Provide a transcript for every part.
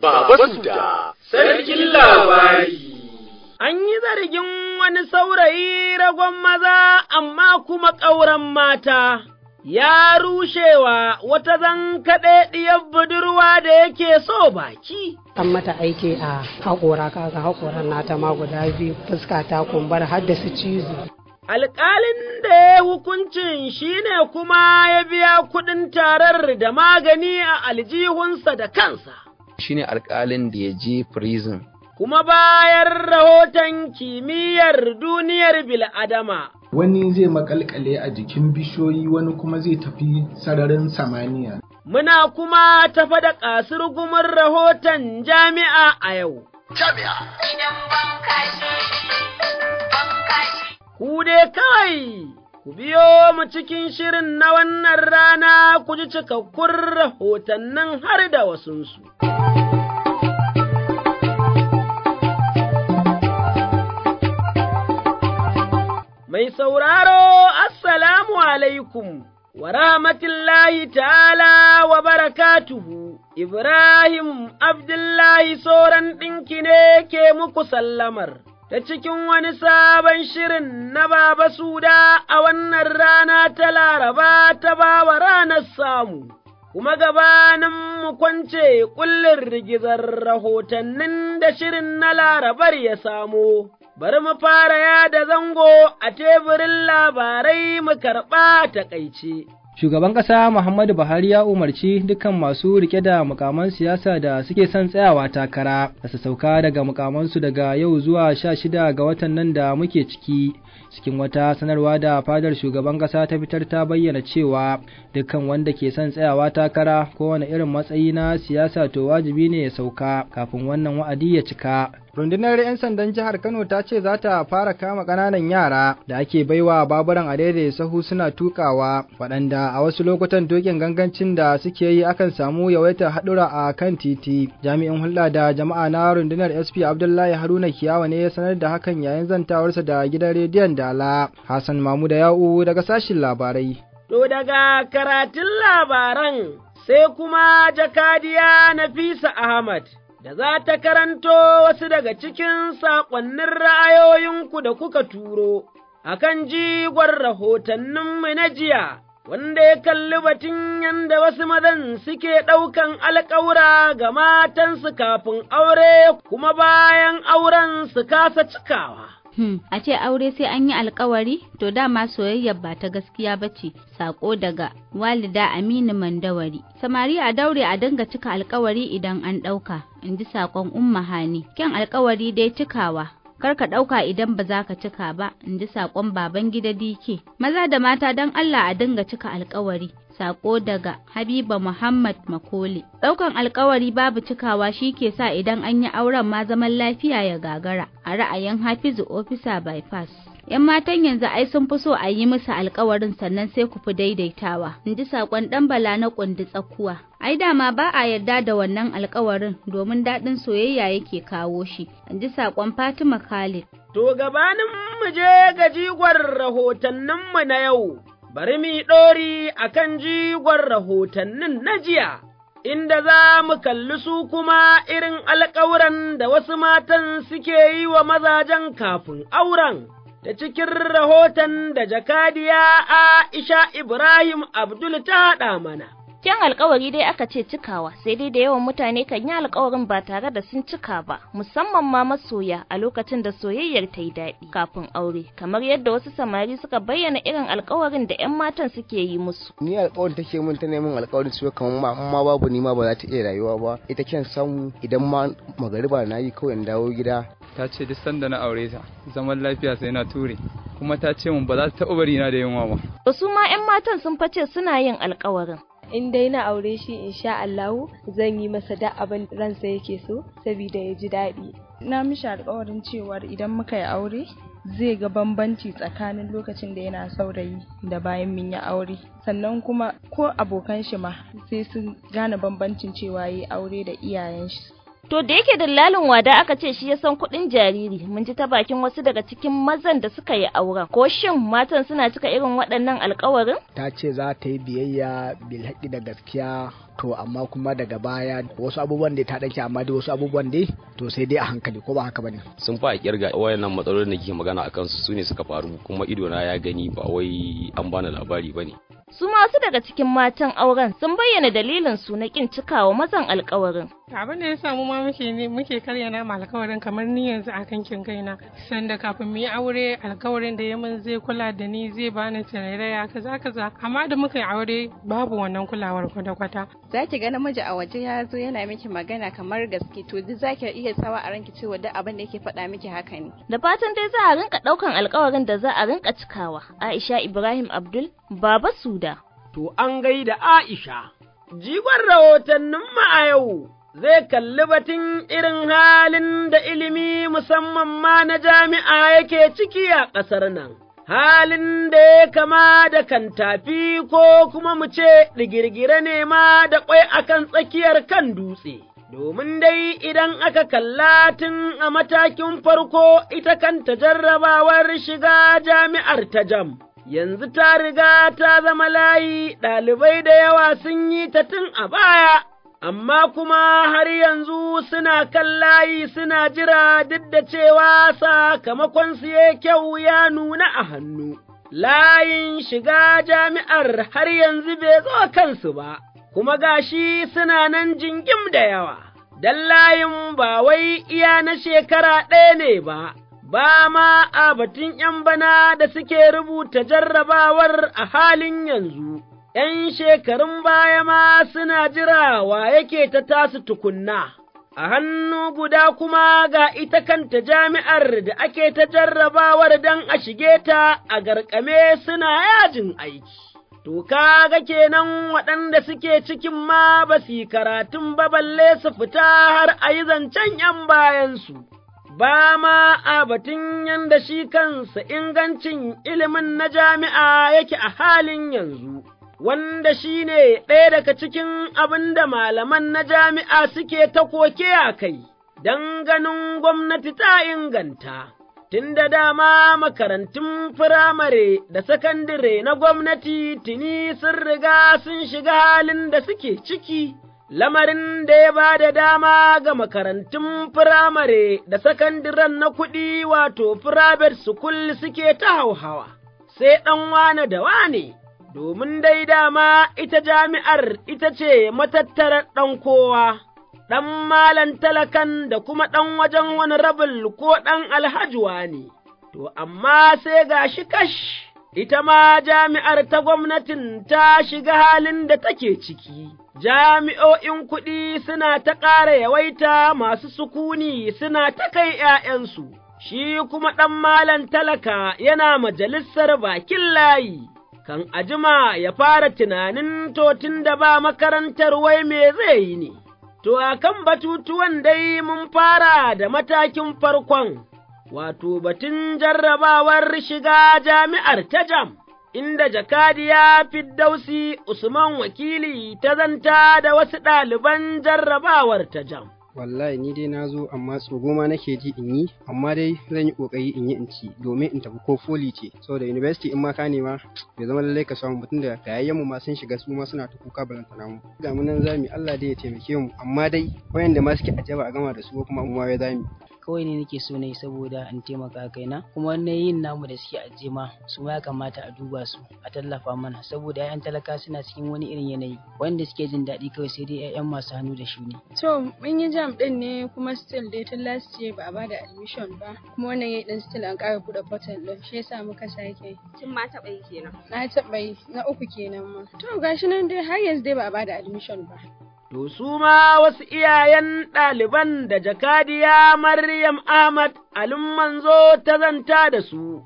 Baba Suda. sarkin labari. An yi zargin wani saurayi ragon maza amma kuma ƙauran mata, ya rushewa wata zankaɗaɗɗiyar budurwa da yake so baki. An mata aiki a haƙora kaga haƙoran nata ma guda biyu fuska ta kumbar har su cizo. Alƙalin da ya hukuncin shi ne kuma ya biya kuɗin tarar da magani a aljihunsa da kansa. shine alƙalin da ya je prison. Kuma bayan rahoton kimiyyar duniyar bil'adama. Wani zai makalkale a jikin bishiyoyi wani kuma zai tafi sararin samaniya. Muna kuma tafa da kasurgumin rahoton jami'a a yau. Jami'a. Idan ban kashi, ban kashi. Ku dai kawai. Ku biyo mu cikin shirin na wannan rana ku ji cikakkun rahotannin har da wasunsu. Mai sauraro, Assalamu alaikum, wa rahmatullahi ta'ala wa barakatuhu, Ibrahim Abdullahi Soran ɗinki ne ke muku sallamar. ta cikin wani sabon shirin na Baba Suda a wannan rana ta Laraba ta bawa ranar samu, kuma gabanin mu kwance ƙullin rigizar rahotannin da shirin na Larabar ya samo. Bari mu fara yada zango a teburin labarai mu karɓa taƙaice. shugaban ƙasa muhammadu buhari ya umarci dukkan masu rike da mukaman siyasa da suke son tsayawa takara da su sauka daga mukamansu daga yau zuwa sha shida ga watan nan da muke ciki cikin wata sanarwa da fadar shugaban ƙasa ta fitar ta bayyana cewa dukkan wanda ke son tsayawa takara kowane irin matsayi na siyasa to wajibi ne ya sauka kafin wannan wa'adi ya cika rundunar 'yan sandan jihar kano ta ce za ta fara kama ƙananan yara da ake baiwa baburan adaidaye sahu suna tukawa waɗanda a wasu lokutan dokin gangancin da suke yi akan samu yawaitar haɗura a kan titi jami'in hulɗa da jama'a na rundunar sp abdullahi haruna kiyawa ne ya sanar da hakan yayin zantawarsa da gidan rediyon dala hassan mamu da ya'u daga sashin labarai to daga karatun labaran sai kuma jakadiya nafisa ahmad da za ta karanto wasu daga cikin saƙonnin ra'ayoyinku da kuka turo, a kan jigon rahotanninmu na jiya, wanda ya kalli batun yadda wasu mazan suke ɗaukan alƙawura ga matansu kafin aure kuma bayan auren su kasa cikawa. Hmm. a ce aure sai an yi alkawari to dama soyayyar ba ta gaskiya ba ce sako daga walida aminu mandawari samari a daure a dinga cika alkawari idan an ɗauka in ji sakon umma hani kyan alkawari dai cikawa kar ka ɗauka idan ba za ka cika ba, in ji saƙon baban gida DK. Maza da mata don Allah a dinga cika alkawari. Sako daga Habiba Muhammad Makole. Ɗaukan alkawari babu cikawa shi ke sa idan an yi auren ma zaman lafiya ya gagara, a ra'ayin Hafizu Officer Bypass. 'yan matan yanzu ai sun fi so a yi musu alkawarin sannan sai ku fi daidaitawa in ji saƙon ɗan bala na ƙundi tsakuwa ai dama ba a yarda da wannan alkawarin domin daɗin soyayya yake kawo shi in ji saƙon fatima khalid to gabanin mu je ga jigon rahotanninmu na yau bari mu ɗori a kan jigon rahotannin na jiya inda za mu kalli su kuma irin alkawuran da wasu matan suke yi wa mazajen kafin auren. ta cikin rahoton da jakadiya Aisha Ibrahim Abdul ta haɗa mana. Cikakken alkawari dai aka ce cikawa, sai dai da yawan mutane kan yi alkawarin ba tare da sun cika ba, musamman ma masoya a lokacin da soyayyar ta yi daɗi kafin aure, kamar yadda wasu samari suka bayyana irin alkawarin da 'yan matan suke yi musu. Ni alkawarin take min ta neman alkawarin su kamar ma amma babu ni ma ba za ta iya rayuwa ba, ita kyan samu idan ma magariba na yi kawai in dawo gida. Ta ce duk sanda na aure ta, zaman lafiya sai na ture. kuma ta ce mun ba za ta taɓa bari na da yunwa ba. Wasu ma 'yan matan sun face suna yin alkawarin. in dai na aure shi insha Allahu zan yi masa da abin ransa yake so saboda ya ji daɗi na mishi alƙawarin cewar idan muka yi aure zai ga bambanci tsakanin lokacin da yana saurayi da bayan mun yi aure sannan kuma ko abokan shi ma sai sun gane bambancin cewa yi aure da iyayen shi To da yake dillalin wada aka ce shi ya san kuɗin jariri mun ji ta bakin wasu daga cikin mazan da suka yi auren. Ko shin matan suna cika irin waɗannan alkawarin? Ta ce za ta yi biyayya haƙi da gaskiya to amma kuma daga baya wasu abubuwan da ta ɗauki amma da wasu abubuwan dai to sai dai a hankali ko ba haka bane. Sun fa a kirga wayannan matsalolin da kike magana a kansu su ne suka faru kuma ido na ya gani ba wai an bani labari bane. su masu daga cikin matan auren sun bayyana dalilin su na kin cikawa mazan alkawarin. abin da ya samu ma muke karya na alkawarin kamar ni yanzu a kan kin kaina sanda kafin mu yi aure alkawarin da ya min zai kula da ni zai bani tarairaya kaza kaza amma da muka yi aure babu wannan kulawar kwata kwata za ki ga namiji a waje ya zo yana miki magana kamar gaske to duk za ki iya sawa a ranki cewa duk abin da yake faɗa miki haka ne da fatan dai za a rinka ɗaukan alkawarin da za a rinka cikawa Aisha Ibrahim Abdul Baba Suda. To an gaida Aisha, jigon rahotanninmu a yau zai kalli batun irin halin da ilimi musamman ma na jami'a yake ciki a ƙasar nan. Halin da ya kama da kantafi ko kuma mu ce digirgire ne ma da ƙwai a kan tsakiyar kan dutse. domin dai idan aka kalla tun a matakin farko ita kanta jarrabawar shiga jami'ar ta jam, yanzu ta riga ta zama layi ɗalibai da yawa sun yi ta tun a baya, amma kuma har yanzu suna kan layi suna jira duk da cewa sakamakon ya kyau ya nuna a hannu. Layin shiga jami'ar har yanzu bai zo kansu ba, kuma gashi suna nan jingim da yawa, don layin ba wai iya na shekara ɗaya ne ba. ba ma a batun ’yan bana da suke rubuta jarrabawar a halin yanzu, ’yan shekarun baya ma suna jira wa yake ta tasu tukunna. A hannu guda kuma ga ita kanta jami'ar da ake ta jarrabawar don a shige ta a garkame suna yajin aiki. To ga kenan waɗanda suke cikin ma ba su karatun ba balle su fita har a yi zancen ’yan bayansu. ba ma a batun yanda shi kansa ingancin ilimin na jami'a yake a halin yanzu. Wanda shi ne ɗaya daga cikin abin da malaman na jami'a suke ta koke a kai, don ganin gwamnati ta inganta, tun da dama makarantun firamare da sakandire na gwamnati tuni sun riga sun shiga halin da suke ciki. lamarin da ya ba da dama ga makarantun firamare da sakandiren na kuɗi wato firabet sukul suke ta hauhawa, sai ɗan wane da wane, domin dai dama ita jami'ar ita ce matattarar ɗan kowa, ɗan malan talakan da kuma ɗan wajen wani rabin ko ɗan alhajuwa ne, to amma sai ga shi kash. ita ma jami'ar ta gwamnatin ta shiga halin da take ciki. Jami'o'in kuɗi suna ta ƙara yawaita masu sukuni suna ta kai ’ya'yansu, shi kuma ɗan malan talaka yana majalisar bakin layi, kan ajima ya fara tunanin totin da ba makarantar wai me zai yi ne. To, a kan batutuwan dai mun fara da matakin farkon. wato batun jarrabawar shiga jami'ar ta jam, inda Jakadi ya fi Fiddausi Usman wakili ta zanta da wasu ɗaliban jarrabawar ta jam. Wallahi ni dai na zo amma ma nake ji in yi, amma dai zan yi ƙoƙari in yi in ci domin in tafi ko foli ce. Saboda university in ma ka nema bai zama lallai ka samu mutum da yayayyanmu ma sun shiga su ma suna ta kuka balantana mu. Ga mu nan zami Allah dai ya taimake mu amma dai wayanda ma suke ajaba a gama da su kuma mu ya zami. kawai ne nake so na yi saboda in taimaka kaina kuma wannan yin namu da suke ajiye ma su ma ya kamata a duba su a tallafa mana saboda 'ya'yan talaka suna cikin wani irin yanayi wanda suke jin daɗi kawai sai dai 'ya'yan masu hannu da shi ne. to mun yi jam ɗin ne kuma still dai tun last year ba a ba da admission ba kuma wannan yayi din still an ƙara buɗe portal ɗin shi yasa muka sake. kin ma taɓa yi kenan. na taɓa yi na uku kenan ma. to gashi nan dai har yanzu dai ba a ba da admission ba. to su ma wasu iyayen ɗaliban da jakadiya Maryam Ahmad alin manzo ta zanta da su,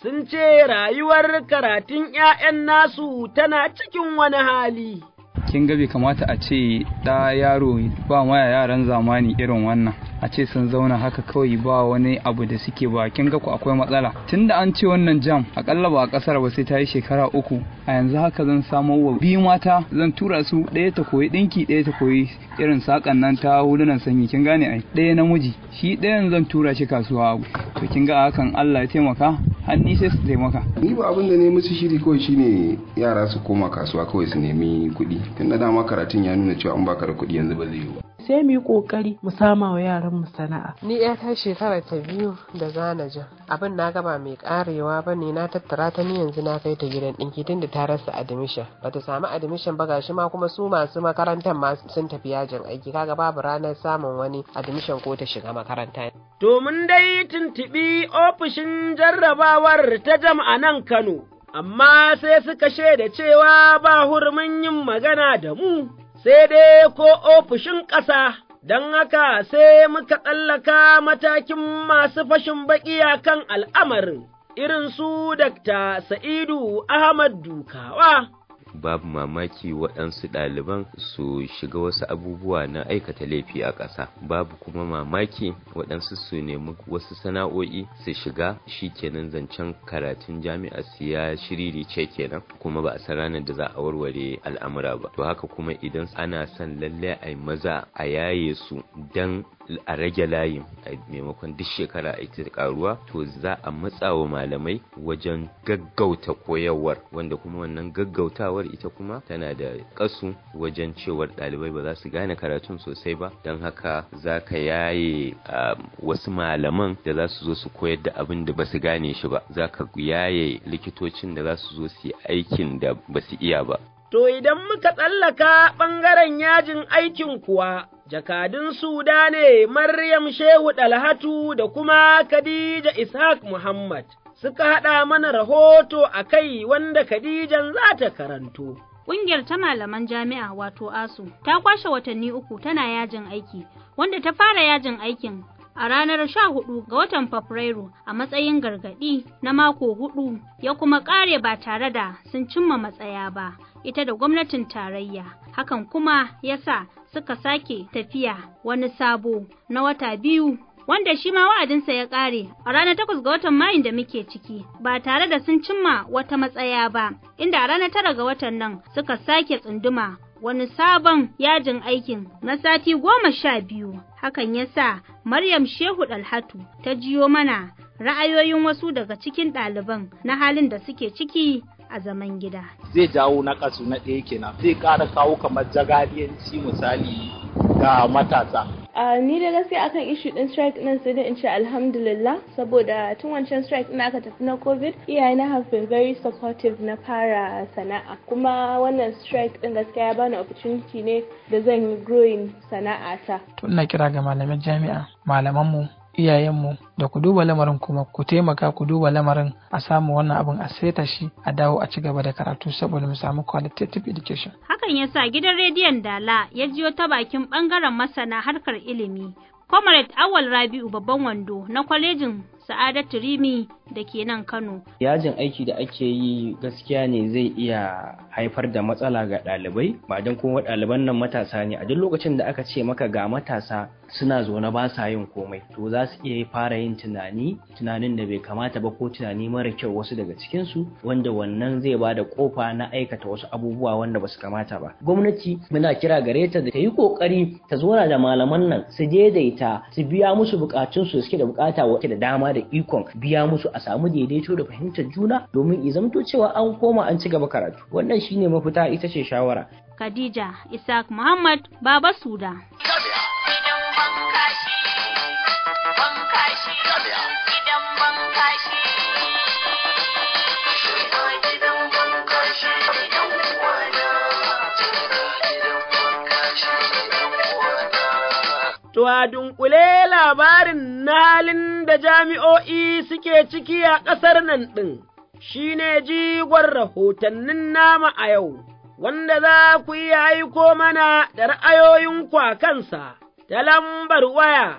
sun ce rayuwar karatun ’ya'yan nasu tana cikin wani hali. kin ga bai kamata a ce da yaro ba ma yaran zamani irin wannan a ce sun zauna haka kawai ba wani abu da suke ba kin ga ku akwai matsala tunda an ce wannan jam akalla ba a kasar ba sai ta yi shekara uku a yanzu haka zan samo wa biyu mata zan tura su ɗaya ta koyi ɗinki ɗaya ta koyi irin sakan nan ta hulunan sanyi kin gane ai ɗaya namiji shi ɗayan zan tura shi kasuwa to kin ga hakan Allah ya taimaka hannu sai su taimaka ni ba abin da ne musu shiri kawai shine yara su koma kasuwa kawai su nemi kuɗi tun da dama karatun ya nuna cewa an baka da kuɗi yanzu ba zai yi ba sai mu yi kokari mu sama wa yaran mu sana'a ni ta shekara ta biyu da zana jan abin na gaba mai karewa ba ne na tattara ta ni yanzu na kai ta gidan dinki tunda da ta rasa admission bata samu admission ba gashi ma kuma su masu makarantar ma sun tafi yajin aiki kaga babu ranar samun wani admission ko ta shiga makaranta domin dai tuntubi ofishin jarrabawar ta jam'a nan Kano amma sai suka shaida cewa ba hurmin yin magana da mu sai dai ko ofishin ƙasa, don haka sai muka tsallaka matakin masu fashin a kan al'amarin, irin su Dr. Sa'idu Ahmad Dukawa. babu mamaki waɗansu ɗaliban su shiga wasu abubuwa na aikata laifi a ƙasa babu kuma mamaki waɗansu su nemi wasu sana'o'i su shiga shi kenan zancen karatun jami'a su ya shiriri ce kenan kuma ba a san ranar da za a warware al'amura ba to haka kuma idan ana son lallai a maza a yaye su dan a rage layi a maimakon duk shekara a ta karuwa to za a matsa wa malamai wajen gaggauta koyarwar wanda kuma wannan gaggautawar ita kuma tana da kasu wajen cewar ɗalibai ba za su gane karatun sosai ba don haka za ka yaye um, wasu malaman da za su zo su koyar da abin da ba su gane shi ba za ka yaye likitocin da za su zo su yi aikin da ba su iya ba To idan muka tsallaka ɓangaren yajin aikin kuwa, jakadun Suda ne Maryam Shehu Dalhatu da kuma Khadija Ishaq Muhammad suka haɗa mana rahoto a kai wanda Khadijan za ta karanto. Ƙungiyar ta malaman jami'a wato ASU ta kwashe watanni uku tana yajin aiki, wanda ta fara yajin aikin a ranar sha-hudu ga watan Fabrairu a matsayin gargaɗi na mako hudu ya kuma ƙare ba tare da sun cimma matsaya ba, ita da gwamnatin tarayya. Hakan kuma yasa suka sake tafiya wani sabo na wata biyu wanda shi ma wa'adinsa ya ƙare a ranar takwas ga watan Mayun da muke ciki ba tare da sun cimma wata matsaya ba inda a ranar tara ga watan nan suka sake tsunduma wani sabon yajin aikin na sati goma sha biyu hakan ya sa Maryam Shehu Dalhatu ta jiyo mana ra'ayoyin wasu daga cikin ɗaliban na halin da suke ciki a zaman gida zai jawo na ƙasu na ɗaya kenan zai ƙara kawo kamar jagadiyanci misali ga matasa ni da gaskiya akan ishu din strike din sai dai in ce alhamdulillah saboda tun wancan strike din aka tafi na covid iyaye na have been very supportive na fara sana'a kuma wannan strike ɗin gaskiya ya bani opportunity ne da zan yi growing sana'a ta. Tun na kira ga malaman jami'a malaman mu iyayenmu da ku duba lamarin kuma ku taimaka ku duba lamarin a samu wannan abin a saita shi a dawo a ci gaba da karatu saboda mu samu qualitative education. Hakan ya sa gidan rediyon Dala ya jiyo ta bakin bangaren masana harkar ilimi. Comrade Awal Rabi'u babban wando na kwalejin Sa'adatu Rimi da ke nan Kano. Yajin aiki da ake yi gaskiya ne zai iya haifar da matsala ga ɗalibai ba don kuma ɗaliban nan matasa ne a duk lokacin da aka ce maka ga matasa suna zaune ba sa yin komai to za su iya fara yin tunani tunanin da bai kamata ba ko tunani mara kyau wasu daga cikinsu wanda wannan zai ba da kofa na aikata wasu abubuwa wanda ba su kamata ba gwamnati muna kira gare ta da ta yi kokari ta zauna da malaman nan su daidaita su biya musu bukatunsu da suke da bukata wata da dama da ikon biya musu a samu daidaito da fahimtar juna domin izamto cewa an koma an ci gaba karatu wannan shine mafita ita ce shawara Khadija Isaac Muhammad Baba Suda Idan ban To a dunƙule labarin na halin da jami'o'i suke ciki a ƙasar nan ɗin, shi ne jigon rahotannin nama a yau, wanda za ku iya aiko mana da ra'ayoyinku a kansa ta lambar waya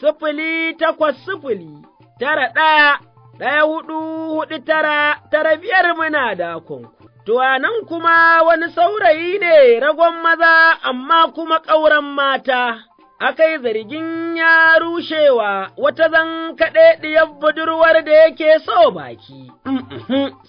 sifili takwas sifili tara ɗaya ɗaya hudu hudu tara tara biyar muna da kunku. To a nan kuma wani saurayi ne ragon maza amma kuma ƙauran mata. aka yi zargin ya rushewa wata zan kaɗaɗiyar budurwar da yake so baki,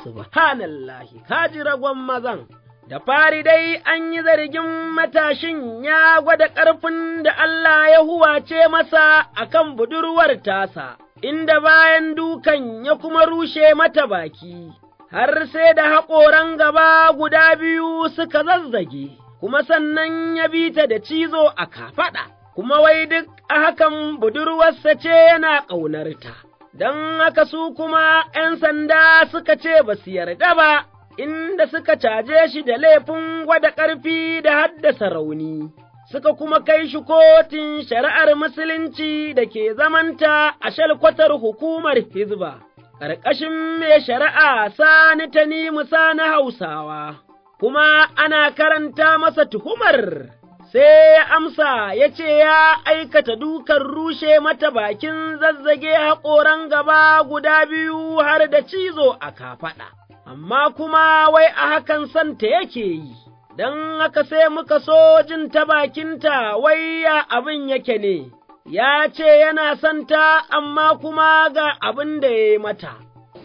subhanallahi, kaji ragon mazan. Da fari dai an yi zargin matashin ya gwada ƙarfin da Allah ya huwace masa akan budurwar tasa, inda bayan dukan ya kuma rushe mata baki, har sai da haƙoran gaba guda biyu suka zazzage, kuma sannan ya bi ta da cizo a kafaɗa. kuma wai duk a hakan budurwarsa ce yana ƙaunarta, don haka su kuma ’yan sanda suka ce ba su yarda ba, inda suka caje shi da laifin gwada ƙarfi da haddasa rauni. Suka kuma kai shi kotun shari'ar Musulunci da ke zamanta a shalkwatar hukumar Hizba, ƙarƙashin mai shari'a sani ta Musa na Hausawa, kuma ana karanta masa tuhumar sai ya amsa ya ce ya aikata dukan rushe mata bakin zazzage haƙoran gaba guda biyu har da cizo a kafaɗa, amma kuma wai a hakan santa yake yi, don haka sai muka so jin ta bakinta wai ya abin yake ne, ya ce yana santa amma kuma ga abin da ya yi mata.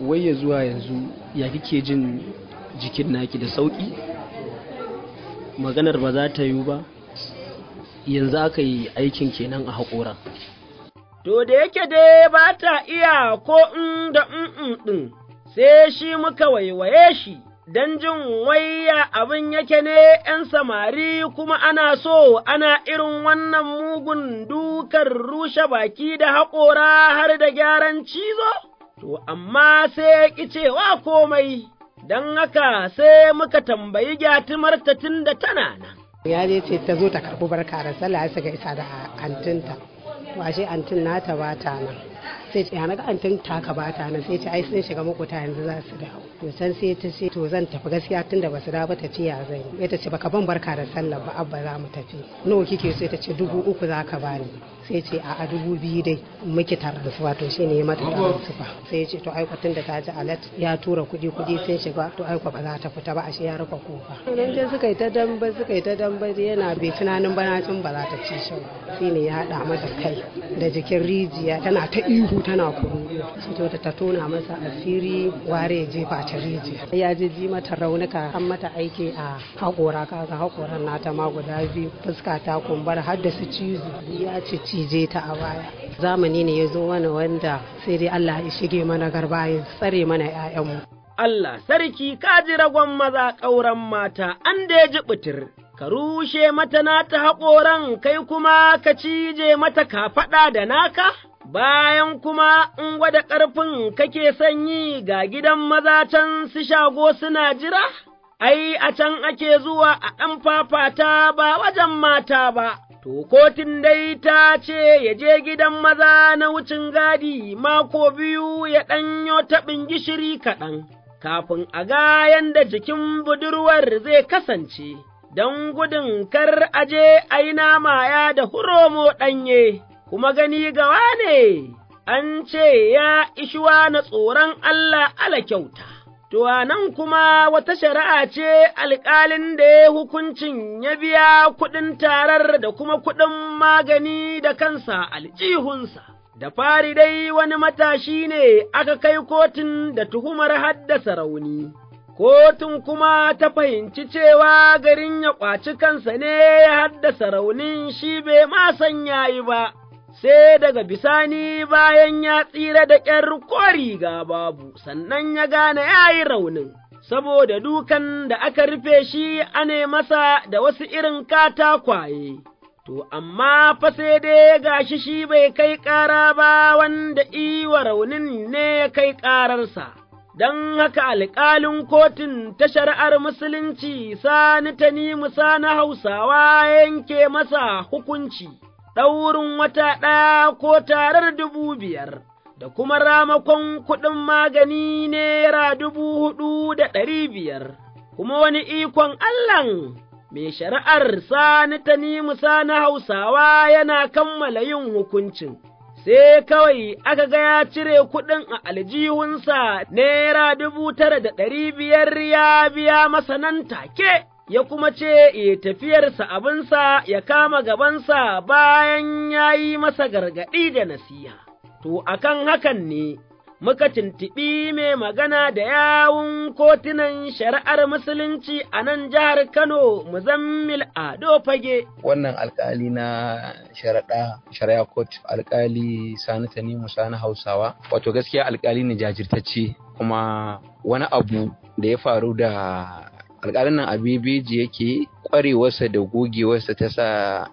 Wai ya zuwa yanzu ya kike jin jikin naki da sauƙi? Maganar ba za ta yiwu ba? yanzu aka yi aikin kenan a haƙoran. To da yake dai ba ta iya ko in da in ɗin, sai shi muka waiwaye shi, don jin waya abin yake ne ’yan samari kuma ana so ana irin wannan mugun dukar rushe baki da haƙora har da gyaran cizo? To, amma sai ƙi cewa komai, don haka sai muka tambayi gyatumarta tun da tana nan. ya je ce ta zo ta karbi barka da sallah ya saka isa da antinta washe antin nata ba ta nan sai ce na ga ta taka bata nan sai ce ai sun shiga makota yanzu za su dawo to san sai ta ce to zan tafi gaskiya tunda ba su dawo ta ce ya zai yi ta ce baka ban barka da sallar ba abba za mu tafi nawa kike so ta ce dubu uku za ka bani sai ce a dubu biyu dai muke su wato shi ne mata fa sai ce to aiko tun da ta ji alat ya tura kuɗi kuɗi sun shiga to aiko ba za ta fita ba ashe ya rufa kofa nan dai suka yi ta damba suka yi ta damba yana bai tunanin bana tun ba za ta ci shi ba shi ne ya haɗa mata kai da jikin rijiya tana ta ihu tana tana kururuwa su ta tona masa asiri ware ya jefa ta rijiya ya ji mata raunuka an mata aiki a haƙora kaga haƙoran nata ma guda biyu fuska ta kumbar har da su cizo ya ci cije ta a baya zamani ne ya zo mana wanda sai dai Allah ya shige mana garbayin tsare mana 'ya'yanmu. Allah sarki ka ji ragon maza ƙauran mata an da ya ji butir. ka rushe mata nata haƙoran kai kuma ka cije mata kafaɗa da naka? bayan kuma in gwada ƙarfin kake sanyi ga gidan maza can su shago suna jira? Ai, a can ake zuwa a ɗan fafata ba wajen mata ba, to kotun dai ta ce ya je gidan maza na wucin gadi mako biyu ya ɗanyo taɓin gishiri kaɗan, kafin a ga yanda jikin budurwar zai kasance, don gudun kar aje a yi nama ya da huromo ɗanye. kuma gani gawa ne, an ce ya ishuwa na tsoron Allah ala kyauta. To, nan kuma wata shari'a ce alƙalin da ya hukuncin ya biya kuɗin tarar da kuma kuɗin magani da kansa aljihunsa. da fari dai wani matashi ne aka kai kotun da tuhumar haddasa rauni, kotun kuma ta fahimci cewa garin ya ƙwaci kansa ne ya haddasa raunin shi bai ma sanya yi ba, sai daga bisani bayan ya tsira da ƙyar kori ga babu, sannan ya gane ya yi raunin, saboda dukan da aka rufe shi ane masa da wasu irin katakwaye. To, amma fa sai dai ga shi shi bai kai ƙara ba wanda iwa raunin ne ya kai ƙararsa. Don haka alƙalin kotun ta shari'ar Musulunci sani ta ni musa na Hausawa yanke masa hukunci. ɗaurin wata ɗaya ko tarar dubu biyar, da kuma ramakon kuɗin magani naira dubu huɗu da ɗari biyar, kuma wani ikon Allahn mai shari'ar sani ta nimusa na Hausawa yana kammala yin hukuncin. Sai kawai aka ga ya cire kuɗin a aljihunsa naira dubu tara da ɗari biyar ya biya masa nan take. ya kuma ce ya eh, tafiyarsa abinsa ya kama gabansa bayan ya yi masa gargaɗi da nasiha. To, akan hakan ne, muka tuntuɓi mai magana da yawun kotunan shari'ar musulunci a nan jihar Kano Muzammil Ado Fage. Wannan alkali na shari'a shari'a kot, alkali Sani ta nemo sani Hausawa, wato gaskiya alkali ne jajirtacce kuma wani abu da ya faru da alƙalin nan a yake kwarewarsa da gogewarsa ta sa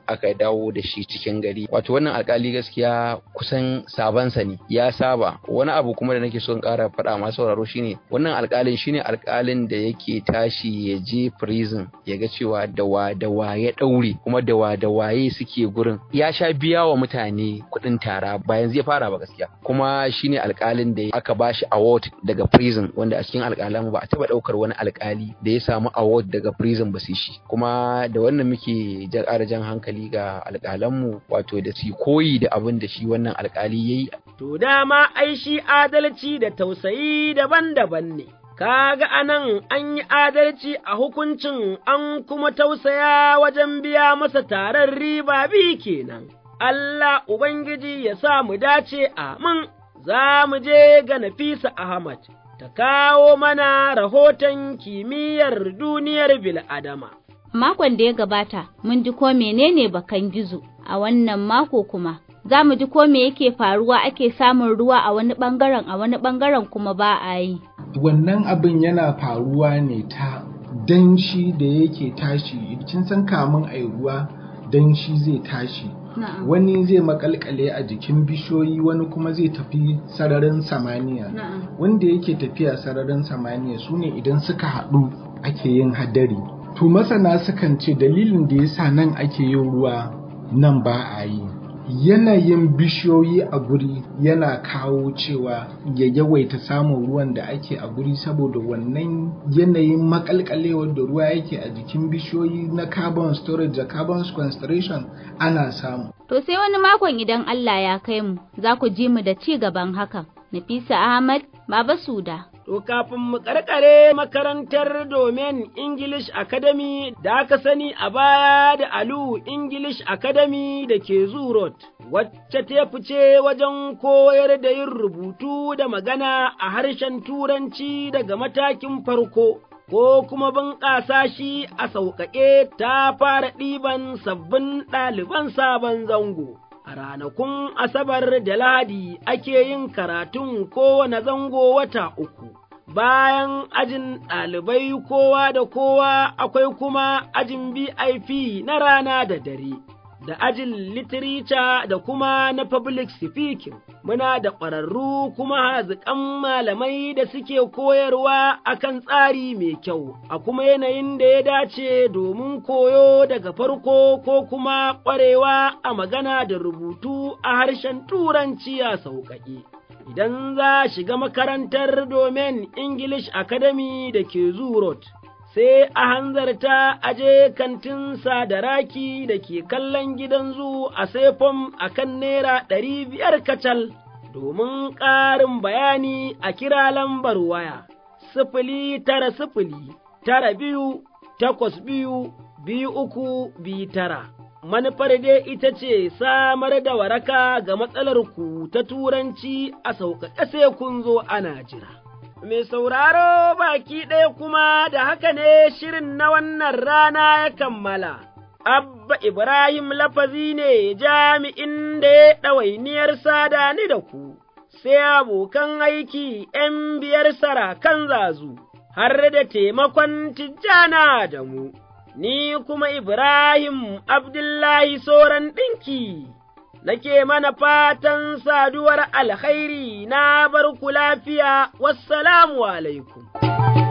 aka dawo da shi cikin gari wato wannan alkali gaskiya kusan sabansa ne ya saba wani abu kuma da nake son kara faɗa ma sauraro shine wannan alkalin shine alkalin da yake tashi ya je prison ya ga cewa da wa da wa ya daure kuma da wa da waye suke gurin ya sha biya wa mutane kuɗin tara bayan zai fara ba gaskiya kuma shine alkalin da aka bashi award daga prison wanda a cikin alkalan ba a taba ɗaukar wani alkali da ya samu award daga prison ba sai shi kuma kuma da wannan muke ƙara jan hankali ga alƙalanmu wato da su koyi da abin da shi wannan alƙali ya yi. To dama ai shi adalci da tausayi daban-daban ne. Kaga anan an yi adalci a hukuncin an kuma tausaya wajen biya masa taron riba bi kenan. Allah Ubangiji ya sa mu dace amin, za mu je ga Nafisa Ahmad. ta kawo mana rahoton kimiyyar duniyar bil'adama. Makon da ya gabata mun ji ko menene bakan gizo a wannan mako kuma za mu ji ko me yake faruwa ake samun ruwa a wani bangaren a wani bangaren kuma ba a yi. Wannan abin yana faruwa ne ta danshi da yake tashi kin san kamun ai ruwa danshi zai tashi. Wani zai makalkale a jikin bishiyoyi wani kuma zai tafi sararin samaniya. Wanda yake tafiya sararin samaniya su ne idan suka haɗu ake yin hadari. to masana sukan ce dalilin da yasa nan ake yin ruwa nan ba a yi yanayin bishiyoyi a guri yana kawo cewa ya yawaita samun ruwan da ake a guri saboda wannan yanayin makalkalewar da ruwa yake a jikin bishiyoyi na carbon storage da carbon concentration ana samu. To sai wani makon idan Allah ya kai mu za ku ji mu da ci gaban hakan. Nafisa Ahmad, Baba Suda. To kafin mu karkare makarantar Domain English Academy da aka sani a baya da Alu English Academy da ke Zurot, wacce ta fice wajen koyar da yin rubutu da magana a harshen Turanci daga matakin farko. ko kuma bunƙasa shi a sauƙaƙe ta fara ɗiban sabbin ɗaliban sabon zango. A ranakun Asabar da Lahadi ake yin karatun kowane zango wata uku, bayan ajin ɗalibai kowa da kowa akwai kuma ajin BIP na rana da dare, da ajin literature da kuma na public speaking. muna da ƙwararru kuma haziƙan malamai da suke koyarwa akan tsari mai kyau, a kuma yanayin da ya dace domin koyo daga farko ko kuma ƙwarewa a magana da rubutu a harshen Turanci a sauƙaƙe. Idan za shiga makarantar domin English Academy da ke zurot sai a hanzarta a je kantin sadaraki da ke kallon gidan zu a sefom a kan Naira ɗari biyar kacal, domin ƙarin bayani a kira lambar waya, sifili tara sifili, tara biyu, takwas biyu, biyu uku, biyu tara. Manufar dai ita ce samar da waraka ga matsalar ku ta turanci a sauƙaƙe sai kun zo ana jira. Mai sauraro baki ɗaya kuma da haka ne shirin na wannan rana ya kammala. Abba Ibrahim lafazi ne jami'in da ya ɗawainiyar sada ni da ku, sai abokan aiki ’yan biyar sarakan zazu, har da taimakon tijjana da mu, ni kuma Ibrahim Abdullahi Soran ɗinki. nake mana fatan saduwar alkhairi na bar ku lafiya, wassalamu alaikum.